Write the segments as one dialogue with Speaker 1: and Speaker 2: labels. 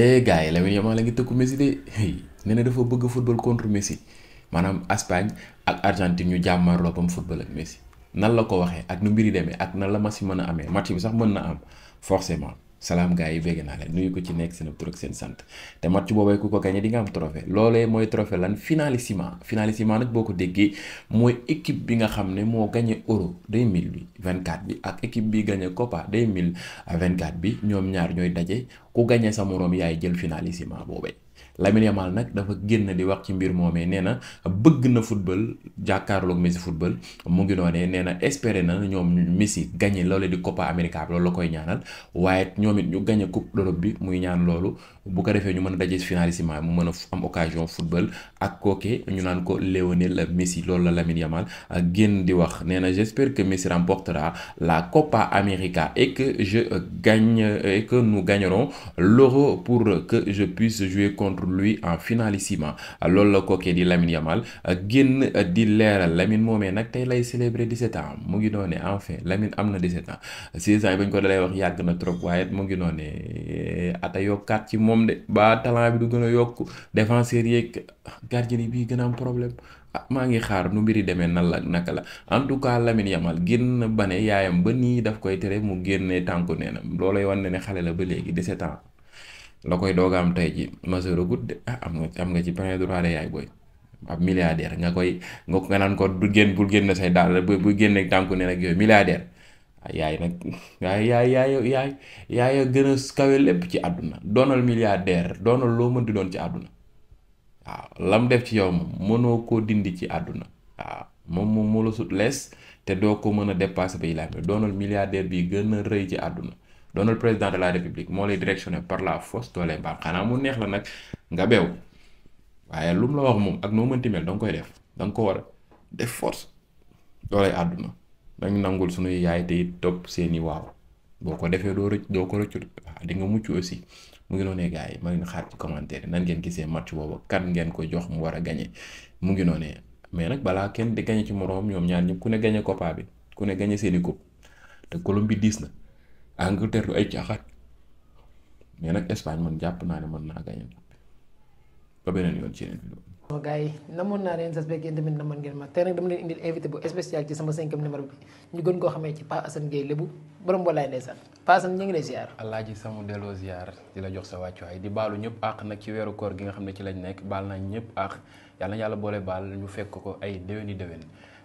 Speaker 1: eh gars yi Lamine Yamal la ngi tëkku Messi de nee na dafa bëgg football contre Messi maanaam Espagne ak Argentine ñu jàmmaar ba mu football ak Messi nan la ko waxee ak nu mbiri demee ak nan la ma si mën a amee match bi sax mën na am forcément. salaam gars yi bégg naa leen nuyu ko ci nekk seen tur ak seen sant te match boobee ku ko gagné di nga am trophée loolee mooy trophée lan finalissima finalissima nag boo ko déggee mooy équipe bi nga xam ne moo gagné euro 2024 bi ak équipe bi gagné copa 2024 bi ñoom ñaar ñooy daje ku gagné sa moroom yaay jël finalissima boobee. Lamine Yamal nag dafa génn di wax ci mbir moomee nee na bëgg na football jàkkaarloog Messi football mu ngi noonee nee na na ñoom Messi gagné loole di Copa América bi loolu la koy ñaanal waaye ñoom ñu gagné coupe d'Europe bi muy ñaan loolu bu ko defee ñu mën a daje finalissement mu mën a am occasion football ak ñu naan ko Lionel Messi loolu la Lamine Yamal génn di wax nee na j'espère que Messi remportera la Copa América et que je gagne et que nous gagnerons l'Euro pour que je puisse jouer contre lui en finalissima loolu la kookee di Lamine Yamal génn di leeral Lamine moomee nag tey lay célébrer 17 ans mu ngi doone enfin Lamine am na 17 ans 16 ans yi bañ ko dalay wax yàgg na trop waaye mu ngi doone a yokkaat ci moom de ba talent bi du gën a yokk défenseur yeeg gardien yi bii gën a am problème ah maa ngi xaar nu mbiri demee nan la naka la en tout cas Lamine Yamal génn ba ne yaayam ba nii daf koy tere mu génnee tànku nee na loolay wan ne ne xale ba léegi 17 ans la koy doog am tey ji majeure gut de ah am nga am nga ci plein droit de yaay booy ab milliardaire nga koy nga ko nga naan ko du génn bul génn say daal bu bu génneeg tànku ne nag yooyu milliardaire yaay nag yaay yaay yaay yaay yaay gën a kawe lépp ci àdduna doonal milliardaire doonal loo mën di doon ci àdduna waaw lam def ci yow moom mënoo koo dindi ci àdduna waaw moom moom moo la sut lees te doo ko mën a dépasser ba ilaam doonal milliardaire bi gën a rëy ci àdduna doonal président de la république moo lay directionné par la force doo lay baal xanaa mu la nag nga beew waaye lu mu la ak noo mënti mel da koy def da nga ko war a def force doo àdduna dañ nangul suñuy yaay te it topp seeni waaw boo ko defee doo rëcc doo ko rëccu waaw di nga mucc aussi mu ngi noonee gars yi ma ngi xaar ci commentaire nan ngeen gisee match boobu kan ngeen ko jox mu war a gagné mu ngi noonee mais nag balaa kenn di gagné ci moroom ñoom ñaar ñëpp ku ne gagné Copa bi ku ne gagné seeni coupe te Colombie diis na. Angleterre du ay caaxaan mais nag Espagne man jàpp naa ne mën naa gagné ba beneen yoon ci yeneen vidéo
Speaker 2: waaw gars yi namoon naa leen sas beeg na tamit namoon ngeen ma tey nag dama leen indil invité bu spécial ci sama cinquième numéro bi ñu gën koo xamee ci Pa Assane Gueye lébu borom mbooleay ndeysaan Pa Assane ñu ngi lay ziar.
Speaker 1: alaaji samu delloo ziar di la jox sa wàccuwaay di baalu ñëpp àq nag ci weeru koor gi nga xam ne ci lañ nekk baal naa ñëpp àq yàlla yàlla boole baal ñu fekk ko ay déwéni déwén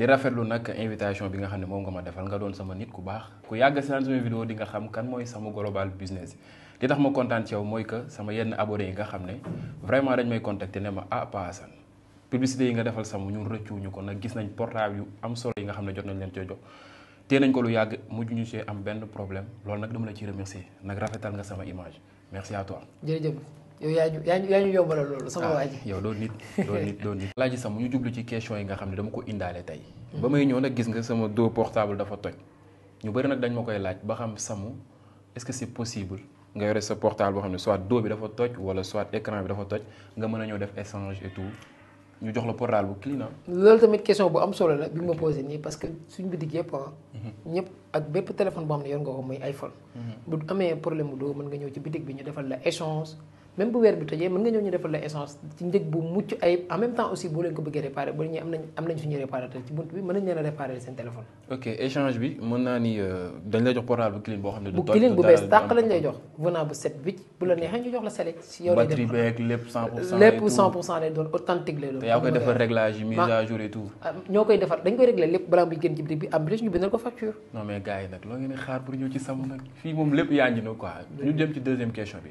Speaker 1: di rafetlu nag invitation bi nga xam ne moom nga ma defal nga doon sama nit ku baax ku yàgg seetaan sama vidéo di nga xam kan mooy sama global business li tax ma kontaan ci yow mooy que sama yenn abonné yi nga xam ne vraiment dañ may contacter ne ma ah Pa Assane publicité yi nga defal sama ñun rëccuwuñu ko nag gis nañ portable yu am solo yi nga xam ne jot nañ leen coo jox te nañ ko lu yàgg mujj ñu see am benn problème loolu nag dama la ciy remercier nag rafetal nga sama image merci
Speaker 2: yow yaa ñu yaa ñu yombalal loolu sama ah, waa ji
Speaker 1: yow doo nit doo nit doo nit laaji sax mu ñu jublu ci question yi nga xam ne dama ko indaale tey hmm. ba may ñëw nag gis nga sama dos portable dafa toj ñu bëri nag dañ ma koy laaj ba xam samu est-ce que c'est possible nga yore sa portable boo xam ne soit dos bi dafa toj wala soit écran bi dafa toj nga mën a ñëw def échange et ñu jox la portable bu clean ah.
Speaker 2: loolu tamit question bu am solo la bi ma posé nii parce que suñu bitik yëpp ah. Mhm. ñëpp ak bépp téléphone boo xam ne yor nga mhm. bi ñu même bu weer bi tojee mën nga ñëw ñu defal la essence ci njëg bu mucc ayib en même temps aussi boo leen ko bëggee réparé ba ñu am nañ suñu réparateur ci bunt bi mën nañ leen a
Speaker 1: euh, jox portable bu lépp lépp ah, lépp
Speaker 2: balaa muy génn ci bitik bi am plus ñu bindal ko facture
Speaker 1: non mais gars nag loo ngeen xaar pour ñëw ci sam nag fii moom lépp yaa ngi no quoi ñu dem ci deuxième question bi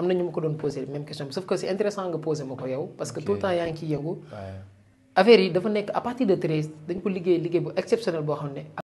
Speaker 2: am na ñu ma ko doon posé même question bi sauf que intéressant nga posé ma ko yow parce que tout temps yaa ngi ciy yëngu affaire dafa nekk à de treize dañ ko liggéey liggéey bu exceptionnel boo xam ne